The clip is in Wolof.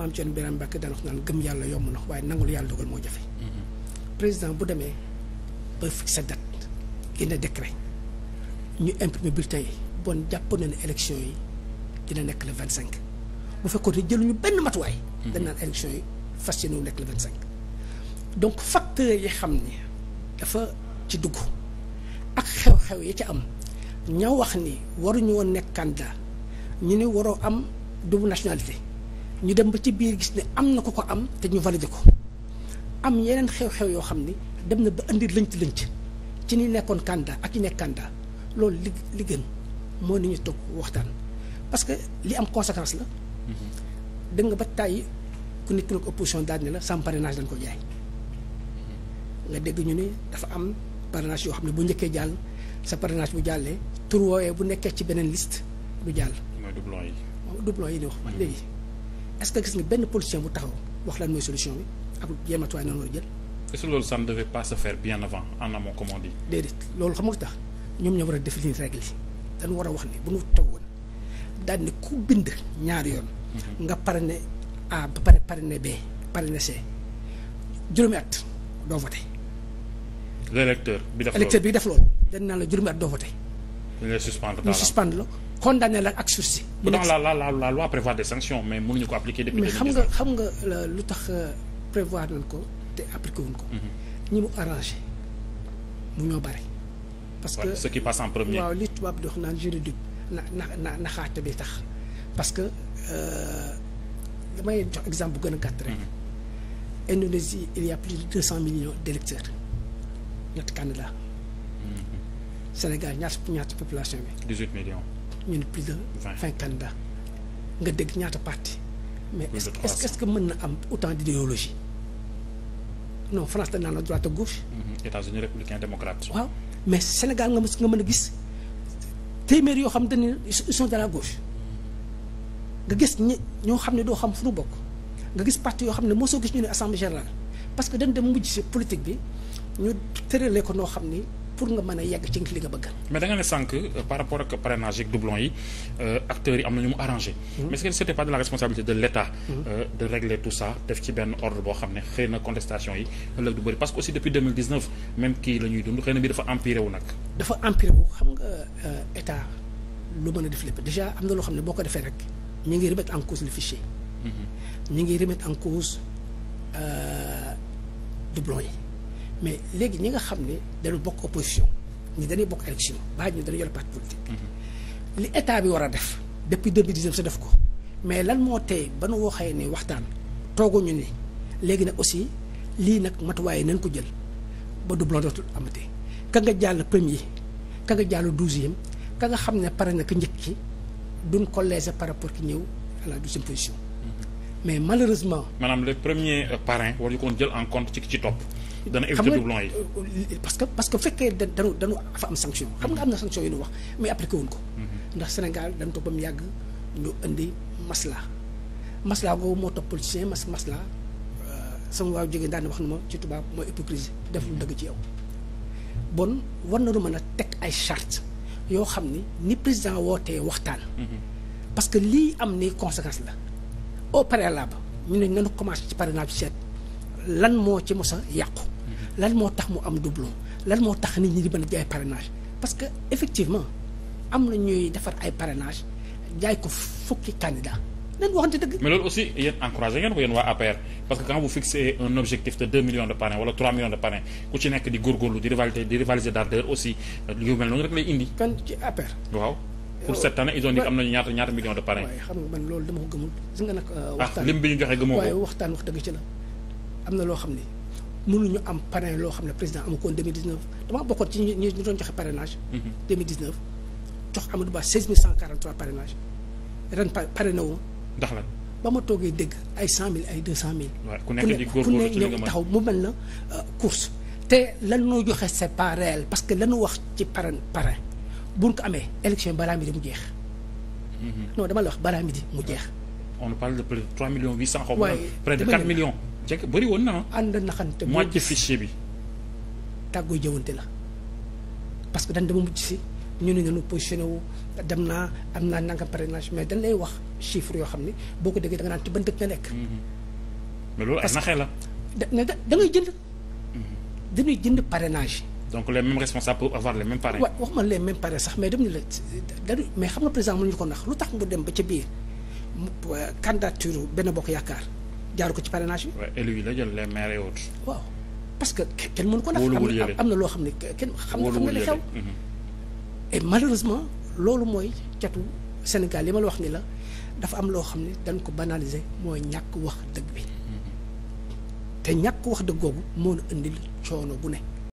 maam Thierno Birame Mbacke daan wax naan gëm yàlla yomb na waaye nangul yàlla dogal moo jafe. Mhm. président bu demee ba fixé date génne décret ñu imprimer bulletin yi bon jàpp na ne élection yi dina nekk le vingt cinq bu fekkoon ne jëluñu benn matuwaay. Mhm. dañ naan élection yi fas yéene nekk le vingt cinq. donc facteurs yi xam ne dafa ci dugg ak xew-xew yi ci am ñaw wax ni waruñu woon nekk candidat ñu ni waroo am double nationalité. ñu dem ba ci biir gis ne am na ko ko am te ñu validé ko am yeneen xew-xew yoo xam ni dem na ba indi lëñc-lëñc ci ni nekkoon candidat ak ñi nekk candidat loolu li gën moo ni ñu toog waxtaan parce que li am conséquence la mm-hmm. dégg nga ba tàyyi ku nekk nag opposition daal ne la sans parrainage dañ ko jaay mm-hmm. nga dégg ñu ni dafa am parrainage yoo xam ne bu njëkkee jàll sa parrainage bu jàllee tur woowee bu nekkee ci beneen liste bu jàll yi doublon mm-hmm. léegi est-ce que gis nga benn politicien bu taxaw wax lan mooy solution bi ak jéem a tuwaay noonu a jël. est loolu ça tax ñoom ñoo war a définir règle yi dañu war a wax ne bu ñu tawoon daal ne ku bind ñaari yoon. Mhm. nga parrainé A ba pare parrainé B parrainé C juróomi at doo voté. l'électeur bi def bi def loolu dañ naan la juróomi at doo voté. ñu suspendre ñu suspendre la condamné la ak sursis. bu la la la la loi prévoit des sanctions mais mënuñu ko appliquer depuis. mais xam nga xam nga lu tax euh, prévoir nañ ko te appliqué wuñ ko. Mhm. ñi mu arrangé mu ñoo bari. parce que ce qui passe en premier waaw li tubaab di wax naan juridique na na na naxaate bi tax parce que euh, damay jox exemple bu gën a gàtt rek. Mhm. Indonésie il y a plus de deux cent millions d'électeurs ñetti candidats. Sénégal ñaata ñaata population bi. 18 millions. ñu ne plus de. 20 20 candidats nga dégg ñaata parti mais est-ce que ce que mën na am autant d'idéologie non France dañ naa la droite à gauche. Mm-hmm. États-Unis républicain waaw mais Sénégal nga mës nga mën a gis téeméer yoo xam dañu ils sont de gauche nga gis ñi ñoo xam ne doo xam fu nu bokk nga gis parti yoo xam ne soo gis ñu ne assemblée générale parce que dañ dem mujj si politique bi ñu tëralee ko noo xam ni. pour nga mën a yegg ci li nga bëgg. mais da nga ne sànq euh, par rapport ak parrainage yeeg doublon yi euh, acteurs yi am na ñu mu arrangé. Hmm. mais est-ce que c'était pas de la responsabilité de l'État. Hmm. Euh, de régler tout ça def ci benn ordre boo xam ne xëy na contestation yi ëllëg du bëri parce que aussi depuis 2019 même kii la ñuy dund xëy na bi dafa empiré nag. dafa empiré xam nga État lu mën a def lépp déjà am na loo xam ne boo ko defee rek ñu ngi remettre en cause le fichier. Hmm. ñu ngi remettre en cause doublon yi. mais léegi ñi nga xam ne dañu bokk opposition ñi dañuy bokk élection baa ñu dañu yor parti politique. Mhm. li état bi war a def depuis 2019 sa def ko mais lan moo tey ba nu waxee ni waxtaan tooguñu ni léegi nag aussi lii nag matuwaay nañ ko jël ba doublon dootul amatee ka nga jàll premier ka nga jàll douzième ka nga xam ne pare na ka njëkk ki dun ko léser par rapport ki ñëw à la deuxième position mhm. mais malheureusement. maanaam le premier euh, parrain war ñu ko jël en compte ci ci topp. dana éviter doublon yi parce que parce que bu fekkee dañu dañu dafa am sanction xam nga am na sanction yu ñu wax mais appliqué wuñ ko ndax Sénégal dañ toog ba mu yàgg ñu indi masla masla googu moo topp politicien mas masla euh, sama waaw jógee daan wax na ma ci tubaab mooy hypocrisie def lu dëgg ci yow bon war na nañu mën a teg ay charte yoo xam ni ni président woo wootee waxtaan parce que lii am ni conséquence la au préalable ñu ne nanu commencé ci parrainage bi seet lan moo ci mos a yàqu lan moo tax mu am doublon lan moo tax nit ñi di mën jaay parrainage parce que effectivement am na ñuy defar ay parrainage jaay ko fukki candidat nañ waxante dëgg. wala 3 millions de parrains ku ci nekk di góorgóorlu di rivalité di rivaliser d'ardeur aussi yu mel noonu rek lay indi. kan ci APR. waaw pour cette année ils ont dit am nañu ñaata ñaata millions de parrains. waaye xam nga man loolu dama ko gëmul gis nga nag. Euh, ah, waxtaan lim bi ñu joxe gëmoo ko waaye waxtaan wax dëgg ci la am na loo xam ni. mënuñu am parrain loo xam ne président amu ko woon 2019 damaa bokkoon ci ñu ñu doon joxe parrainage. 2019 mhm. jox Amadou Ba 16143 parrainage ren parrainé wu. ndax ba ma toogee dégg ay 100000 ay 200000. waaw ku nekk di nga na euh, course. te lan noo joxe c'est pas réel parce que lanu wax ci parrain parrain buñ ko amee élection balaa midi mu jeex. Mhm. non dama la wax balaa midi mu jeex. on parle de près de 3 millions 800. waaye dama ne près de 4 millions. jekk bëri woon na ah. ànd naxante boobu moitié fichier bi. tàggoo jëwante la parce que dañ dama mujj si ñu ne ñu positionné wu dem naa am naa nangam parrainage mais dañ lay wax chiffre yoo xam ne boo ko déggee da nga ci ba dëkk nga nekk. Mhm. mais loolu ay naxee la. da da ngay jënd. Mhm. dañuy jënd parenage donc les mêmes responsables peuvent avoir les mêmes parrains. waaw wax ma les mêmes parrains sax mais dem ni la dañuy mais xam nga président mënuñu ko nax lu tax mu dem ba ca biir candidature benn bokk yaakaar. jaar ko ci parrainage bi. yi la jël les waaw parce que kenn mënu ko. wóolu am na loo xam ne kenn xam nga xam nga li xew. Mhm. et malheureusement loolu mooy catu Sénégal li ma la wax ni la dafa am loo xam ne dañ ko banaliser mooy ñàkk wax dëgg bi mhm. te ñàkk wax dëgg googu moo na indil coono bu ne.